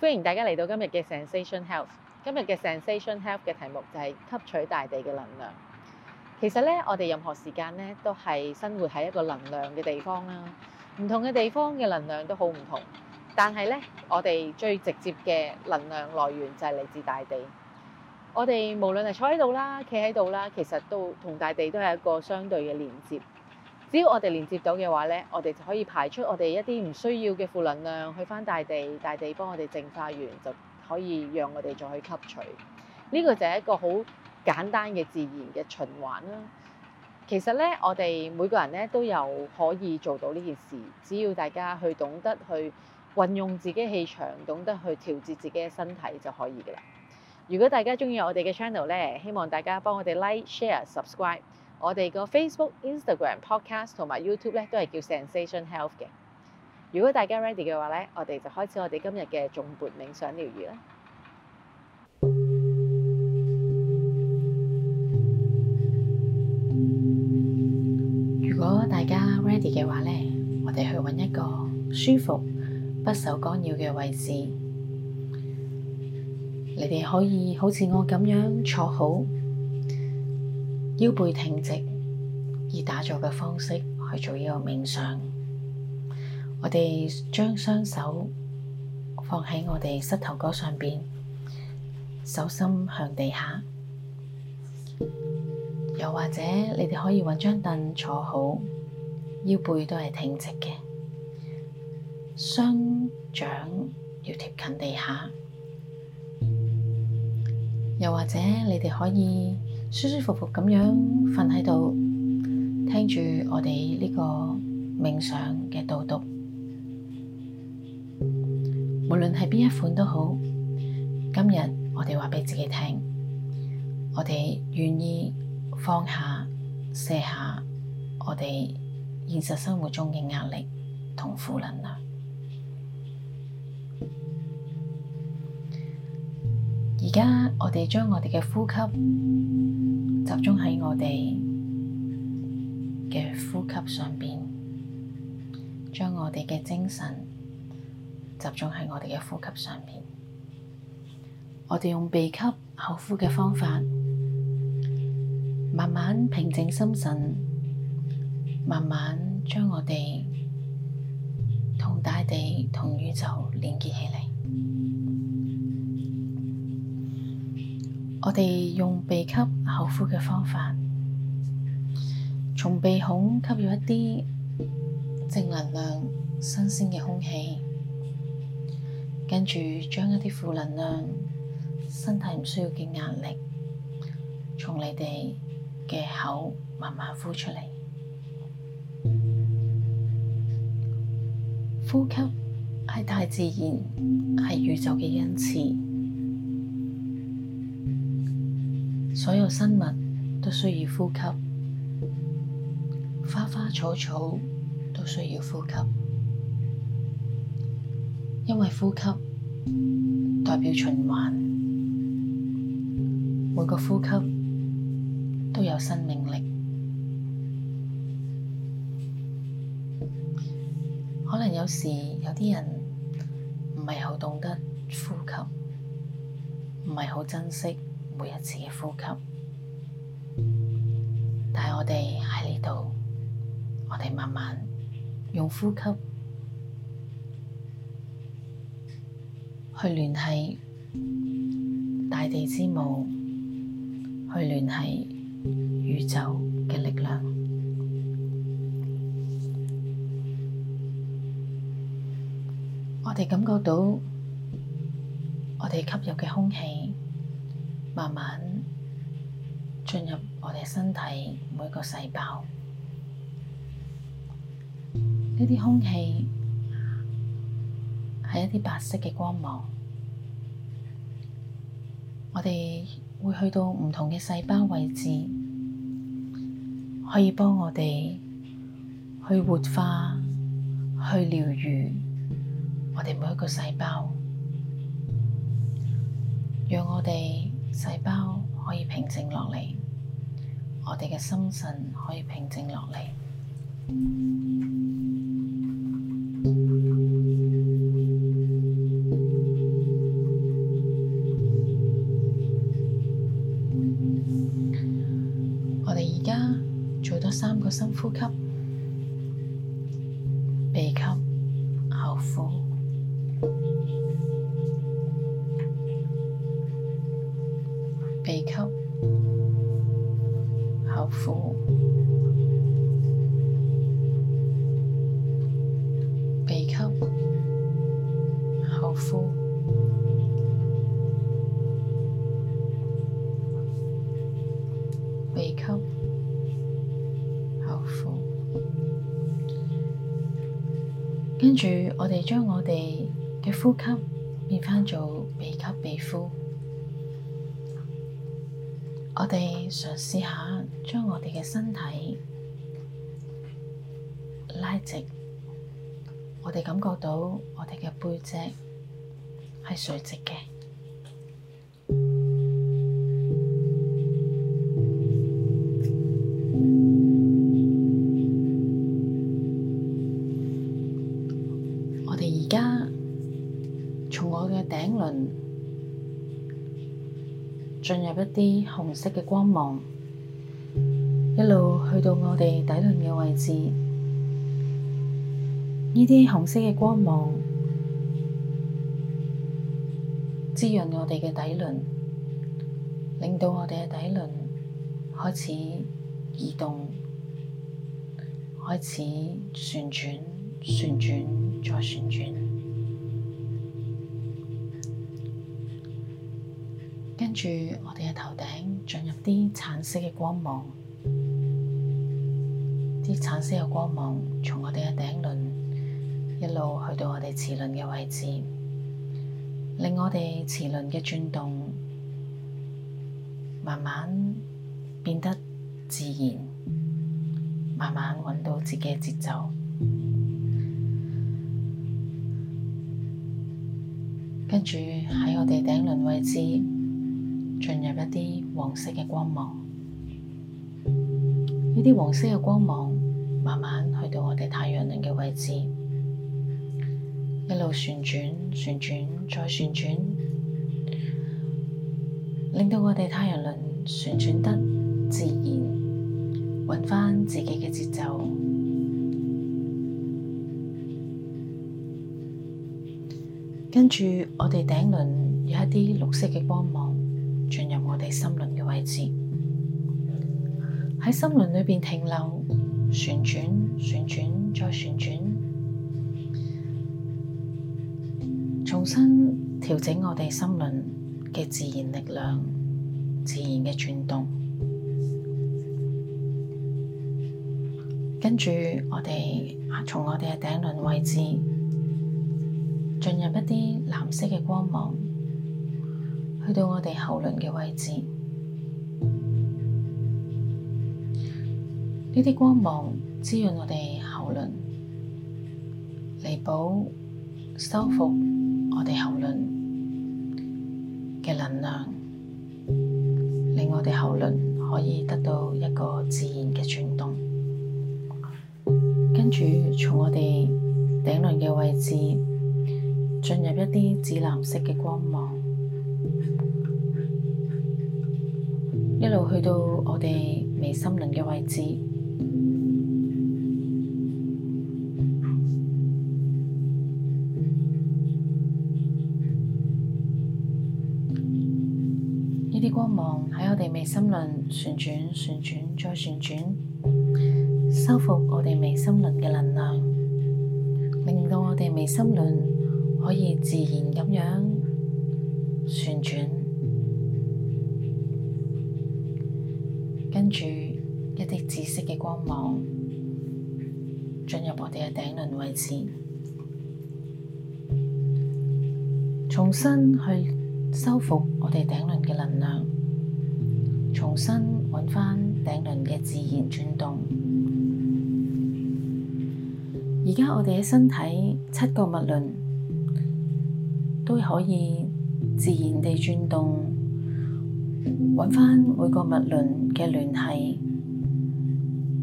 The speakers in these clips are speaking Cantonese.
歡迎大家嚟到今日嘅 Zensation Health。今日嘅 Zensation Health 嘅題目就係吸取大地嘅能量。其實咧，我哋任何時間咧都係生活喺一個能量嘅地方啦。唔同嘅地方嘅能量都好唔同，但係咧，我哋最直接嘅能量來源就係嚟自大地。我哋無論係坐喺度啦、企喺度啦，其實都同大地都係一個相對嘅連接。只要我哋連接到嘅話呢，我哋就可以排出我哋一啲唔需要嘅負能量，去返大地，大地幫我哋淨化完，就可以讓我哋再去吸取。呢個就係一個好簡單嘅自然嘅循環啦。其實呢，我哋每個人咧都有可以做到呢件事，只要大家去懂得去運用自己氣場，懂得去調節自己嘅身體就可以㗎喇。如果大家鍾意我哋嘅 channel 咧，希望大家幫我哋 like、share、subscribe。我哋個 Facebook、Instagram、Podcast 同埋 YouTube 咧都係叫 Zensation Health 嘅。如果大家 ready 嘅話咧，我哋就開始我哋今日嘅頌缽冥想療癒啦。如果大家 ready 嘅話咧，我哋去搵一個舒服、不受干擾嘅位置。你哋可以好似我咁樣坐好。腰背挺直，以打坐嘅方式去做呢個冥想。我哋將雙手放喺我哋膝頭哥上邊，手心向地下。又或者，你哋可以搵張凳坐好，腰背都係挺直嘅，雙掌要貼近地下。又或者，你哋可以。舒舒服服咁樣瞓喺度，聽住我哋呢個冥想嘅導讀，無論係邊一款都好。今日我哋話畀自己聽，我哋願意放下、卸下我哋現實生活中嘅壓力同負能量。而家我哋將我哋嘅呼吸集中喺我哋嘅呼吸上面，將我哋嘅精神集中喺我哋嘅呼吸上面。我哋用鼻吸口呼嘅方法，慢慢平靜心神，慢慢將我哋同大地、同宇宙連結起嚟。我哋用鼻吸口呼嘅方法，從鼻孔吸入一啲正能量、新鮮嘅空氣，跟住將一啲負能量、身體唔需要嘅壓力，從你哋嘅口慢慢呼出嚟。呼吸係大自然，係宇宙嘅恩賜。所有生物都需要呼吸，花花草草都需要呼吸，因為呼吸代表循環，每個呼吸都有生命力。可能有時有啲人唔係好懂得呼吸，唔係好珍惜。每一次嘅呼吸，但係我哋喺呢度，我哋慢慢用呼吸去聯繫大地之母，去聯繫宇宙嘅力量。我哋感覺到我哋吸入嘅空氣。慢慢進入我哋身體每一個細胞，呢啲空氣係一啲白色嘅光芒，我哋會去到唔同嘅細胞位置，可以幫我哋去活化、去療愈我哋每一個細胞，讓我哋細胞可以平靜落嚟，我哋嘅心神可以平靜落嚟。 我哋而家做多三個深呼吸，鼻吸，口呼。鼻吸，後呼；鼻吸，後呼；鼻吸，後呼。跟住，我哋將我哋嘅呼吸變翻做鼻吸鼻呼。我哋嘗試下將我哋嘅身體拉直，我哋感覺到我哋嘅背脊係垂直嘅。我哋而家從我嘅頂輪。進入一啲紅色嘅光芒，一路去到我哋底輪嘅位置。呢啲紅色嘅光芒滋潤我哋嘅底輪，令到我哋嘅底輪開始移動，開始旋轉，旋轉，再旋轉。住我哋嘅頭頂，進入啲橙色嘅光芒，啲橙色嘅光芒從我哋嘅頂輪一路去到我哋臍輪嘅位置，令我哋臍輪嘅轉動慢慢變得自然，慢慢搵到自己嘅節奏。跟住喺我哋頂輪位置。一啲黃色嘅光芒，呢啲黃色嘅光芒慢慢去到我哋太陽輪嘅位置，一路旋轉、旋轉再旋轉，令到我哋太陽輪旋轉得自然，搵翻自己嘅節奏。跟住我哋頂輪有一啲綠色嘅光芒。我哋心輪嘅位置，喺心輪裏邊停留，旋轉、旋轉、再旋轉，重新調整我哋心輪嘅自然力量、自然嘅轉動。跟住我哋從我哋嘅頂輪位置進入一啲藍色嘅光芒。去到我哋喉輪嘅位置，呢啲光芒滋潤我哋喉輪，彌補、修復我哋喉輪嘅能量，令我哋喉輪可以得到一個自然嘅轉動。跟住，從我哋頂輪嘅位置進入一啲紫藍色嘅光芒。一路去到我哋眉心輪嘅位置，呢啲光芒喺我哋眉心輪旋轉、旋轉、再旋轉，修復我哋眉心輪嘅能量，令到我哋眉心輪可以自然咁樣旋轉。住一啲紫色嘅光芒進入我哋嘅頂輪位置，重新去修復我哋頂輪嘅能量，重新揾翻頂輪嘅自然轉動。而家我哋嘅身體，七個脈輪都可以自然地轉動。揾返每個物輪嘅聯繫，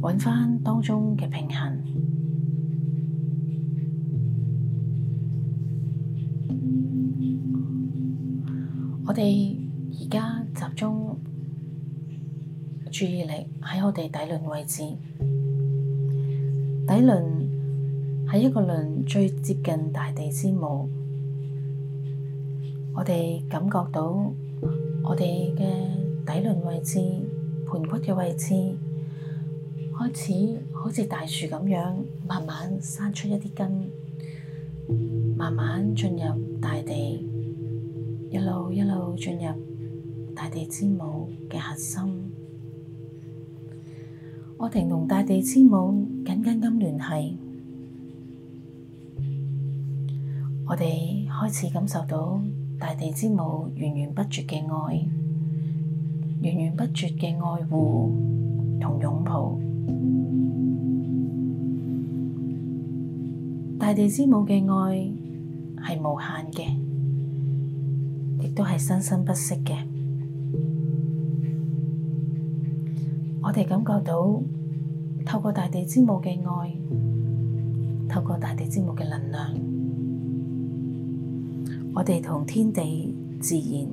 揾返當中嘅平衡。我哋而家集中注意力喺我哋底輪位置。底輪係一個輪最接近大地之母。我哋感覺到。我哋嘅底輪位置，盤骨嘅位置，開始好似大樹咁樣，慢慢生出一啲根，慢慢進入大地，一路一路進入大地之母嘅核心。我哋同大地之母緊緊咁聯繫，我哋開始感受到。大地之母源源不絕嘅愛，源源不絕嘅愛護同擁抱，大地之母嘅愛係無限嘅，亦都係生生不息嘅。我哋感覺到透過大地之母嘅愛，透過大地之母嘅能量。我哋同天地自然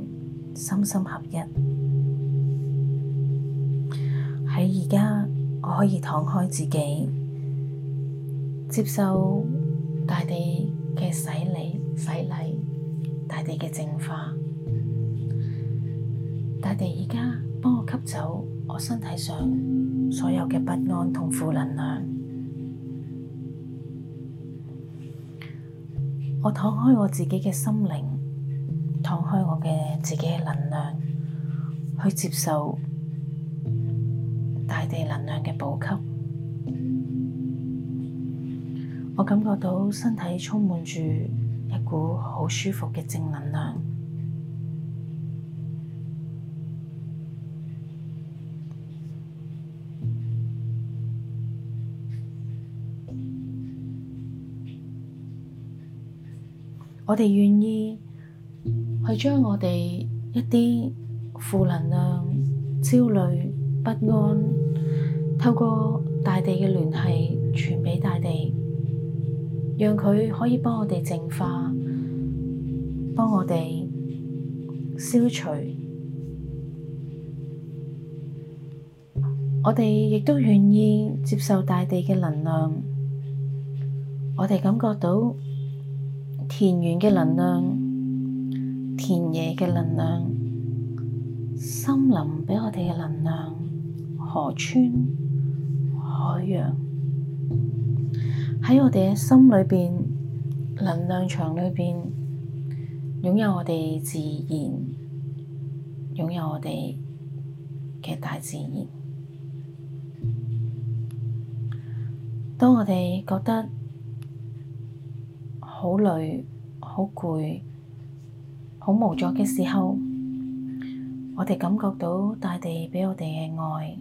心心合一，喺而家我可以敞開自己，接受大地嘅洗禮、洗禮，大地嘅淨化，大地而家幫我吸走我身體上所有嘅不安同負能量。我敞開我自己嘅心靈，敞開我嘅自己嘅能量，去接受大地能量嘅補給。我感覺到身體充滿住一股好舒服嘅正能量。我哋願意去將我哋一啲負能量、焦慮、不安，透過大地嘅聯繫傳畀大地，讓佢可以幫我哋淨化，幫我哋消除。我哋亦都願意接受大地嘅能量，我哋感覺到。田園嘅能量，田野嘅能量，森林畀我哋嘅能量，河川、海洋喺我哋嘅心裏邊，能量場裏邊，擁有我哋自然，擁有我哋嘅大自然。當我哋覺得，好累、好攰、好無助嘅時候，我哋感覺到大地畀我哋嘅愛，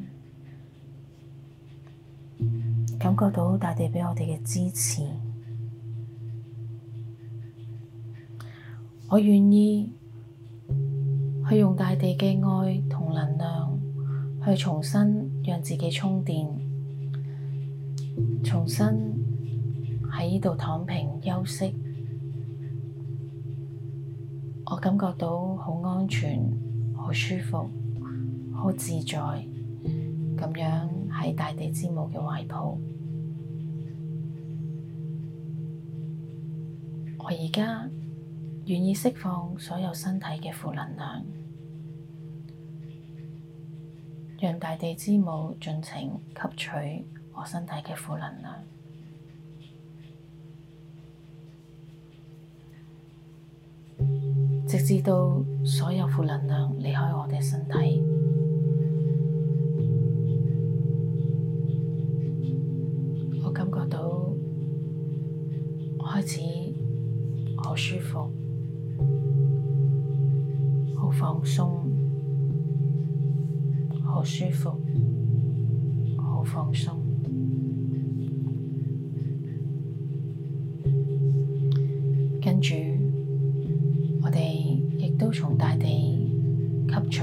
感覺到大地畀我哋嘅支持，我願意去用大地嘅愛同能量去重新讓自己充電，重新。喺呢度躺平休息，我感覺到好安全、好舒服、好自在，咁樣喺大地之母嘅懷抱。我而家願意釋放所有身體嘅負能量，讓大地之母盡情吸取我身體嘅負能量。直至到所有負能量離開我嘅身體，我感覺到開始好舒服，好放鬆，好舒服，好放鬆，跟住，都從大地吸取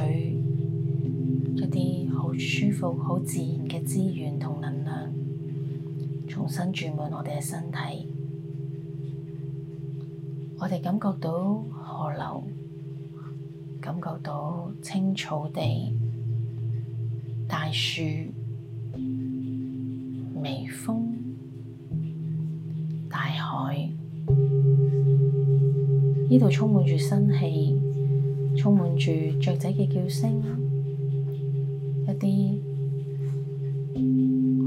一啲好舒服、好自然嘅資源同能量，重新注滿我哋嘅身體。我哋感覺到河流，感覺到青草地、大樹、微風、大海，呢度充滿住生氣。充滿住雀仔嘅叫聲，一啲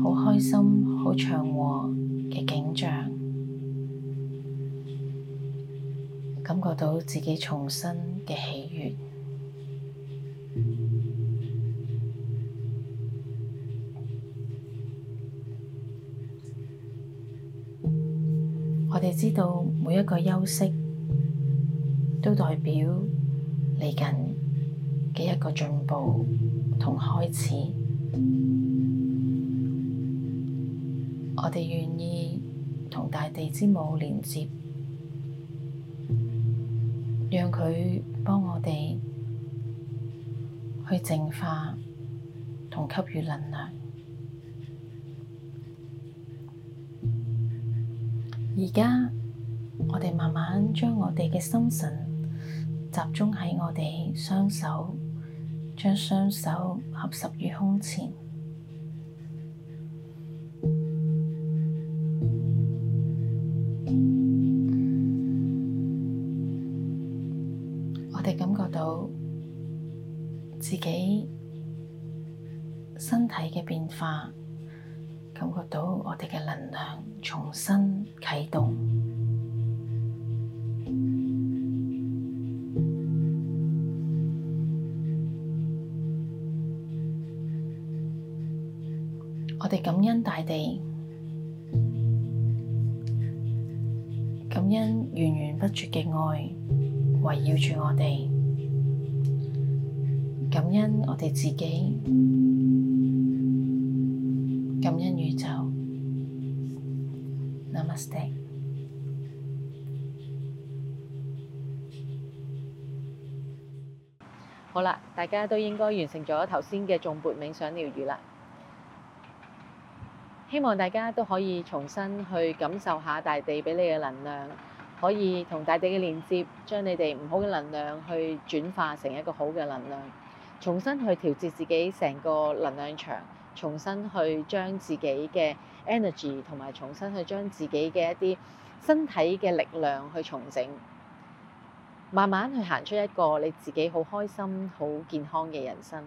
好開心、好祥和嘅景象，感覺到自己重新嘅喜悅。我哋知道每一個休息都代表。嚟近嘅一個進步同開始，我哋願意同大地之母連接，讓佢幫我哋去淨化同給予能量。而家我哋慢慢將我哋嘅心神。集中喺我哋雙手，將雙手合十於胸前。我哋感覺到自己身體嘅變化，感覺到我哋嘅能量重新啟動。感恩大地，感恩源源不絕嘅愛圍繞住我哋，感恩我哋自己，感恩宇宙。Namaste。好啦，大家都應該完成咗頭先嘅頌缽冥想療癒啦。希望大家都可以重新去感受下大地俾你嘅能量，可以同大地嘅連接，將你哋唔好嘅能量去轉化成一個好嘅能量，重新去調節自己成個能量場，重新去將自己嘅 energy 同埋重新去將自己嘅一啲身體嘅力量去重整，慢慢去行出一個你自己好開心、好健康嘅人生。